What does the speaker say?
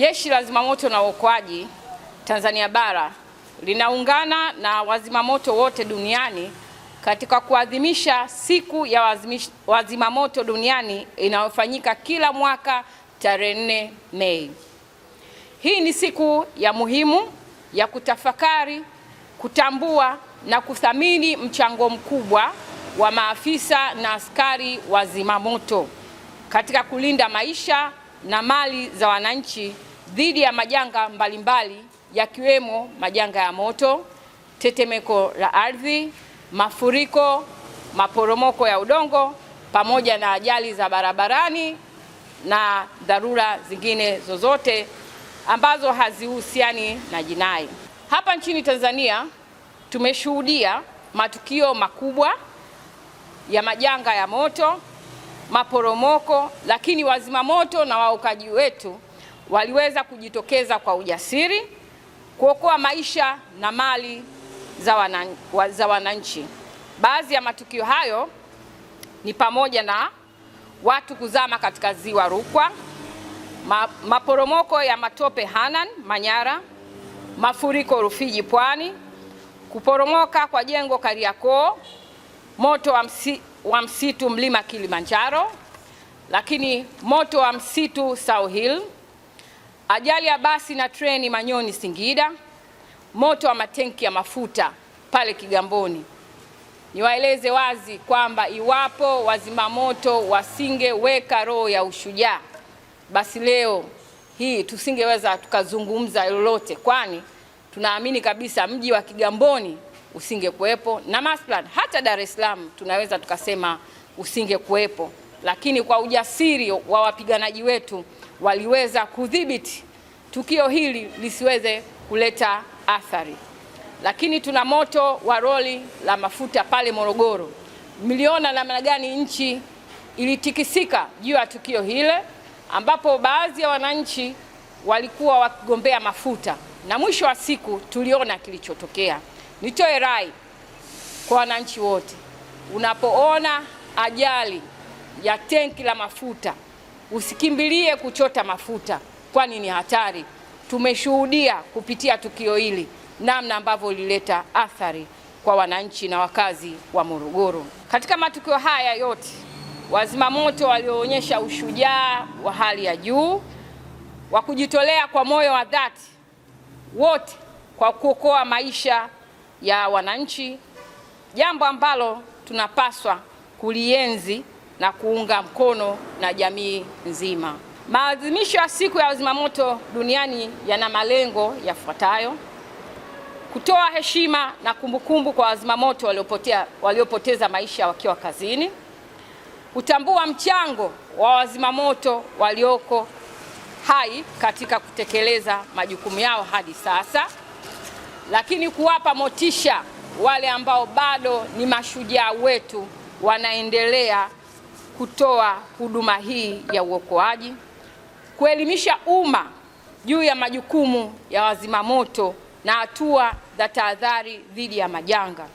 Jeshi la Zimamoto na Uokoaji Tanzania Bara linaungana na wazimamoto wote duniani katika kuadhimisha siku ya wazimamoto duniani inayofanyika kila mwaka tarehe 4 Mei. Hii ni siku ya muhimu ya kutafakari, kutambua na kuthamini mchango mkubwa wa maafisa na askari wa zimamoto katika kulinda maisha na mali za wananchi dhidi ya majanga mbalimbali yakiwemo majanga ya moto, tetemeko la ardhi, mafuriko, maporomoko ya udongo pamoja na ajali za barabarani na dharura zingine zozote ambazo hazihusiani na jinai. Hapa nchini Tanzania tumeshuhudia matukio makubwa ya majanga ya moto, maporomoko, lakini wazima moto na waokaji wetu waliweza kujitokeza kwa ujasiri kuokoa maisha na mali za wananchi, za wananchi. Baadhi ya matukio hayo ni pamoja na watu kuzama katika ziwa Rukwa, ma, maporomoko ya matope Hanan Manyara, mafuriko Rufiji Pwani, kuporomoka kwa jengo Kariakoo, moto wa, msi, wa msitu mlima Kilimanjaro, lakini moto wa msitu Sau Hill ajali ya basi na treni Manyoni Singida, moto wa matenki ya mafuta pale Kigamboni. Niwaeleze wazi kwamba iwapo wazima moto wasingeweka roho ya ushujaa, basi leo hii tusingeweza tukazungumza lolote, kwani tunaamini kabisa mji wa Kigamboni usingekuwepo na Masplan, hata Dar es Salaam tunaweza tukasema usingekuwepo, lakini kwa ujasiri wa wapiganaji wetu waliweza kudhibiti tukio hili lisiweze kuleta athari. Lakini tuna moto wa roli la mafuta pale Morogoro. Mliona namna gani nchi ilitikisika juu ya tukio hile, ambapo baadhi ya wananchi walikuwa wakigombea mafuta na mwisho wa siku tuliona kilichotokea. Nitoe rai kwa wananchi wote, unapoona ajali ya tenki la mafuta usikimbilie kuchota mafuta, kwani ni hatari. Tumeshuhudia kupitia tukio hili namna ambavyo lilileta athari kwa wananchi na wakazi wa Morogoro. Katika matukio haya yote, wazima moto walioonyesha ushujaa wa hali ya juu wa kujitolea kwa moyo wa dhati wote kwa kuokoa maisha ya wananchi, jambo ambalo tunapaswa kulienzi na kuunga mkono na jamii nzima. Maadhimisho ya siku ya wazimamoto duniani yana malengo yafuatayo: kutoa heshima na kumbukumbu kwa wazimamoto waliopotea, waliopoteza maisha wakiwa kazini, kutambua mchango wa wazimamoto walioko hai katika kutekeleza majukumu yao hadi sasa, lakini kuwapa motisha wale ambao bado ni mashujaa wetu wanaendelea kutoa huduma hii ya uokoaji, kuelimisha umma juu ya majukumu ya wazima moto na hatua za tahadhari dhidi ya majanga.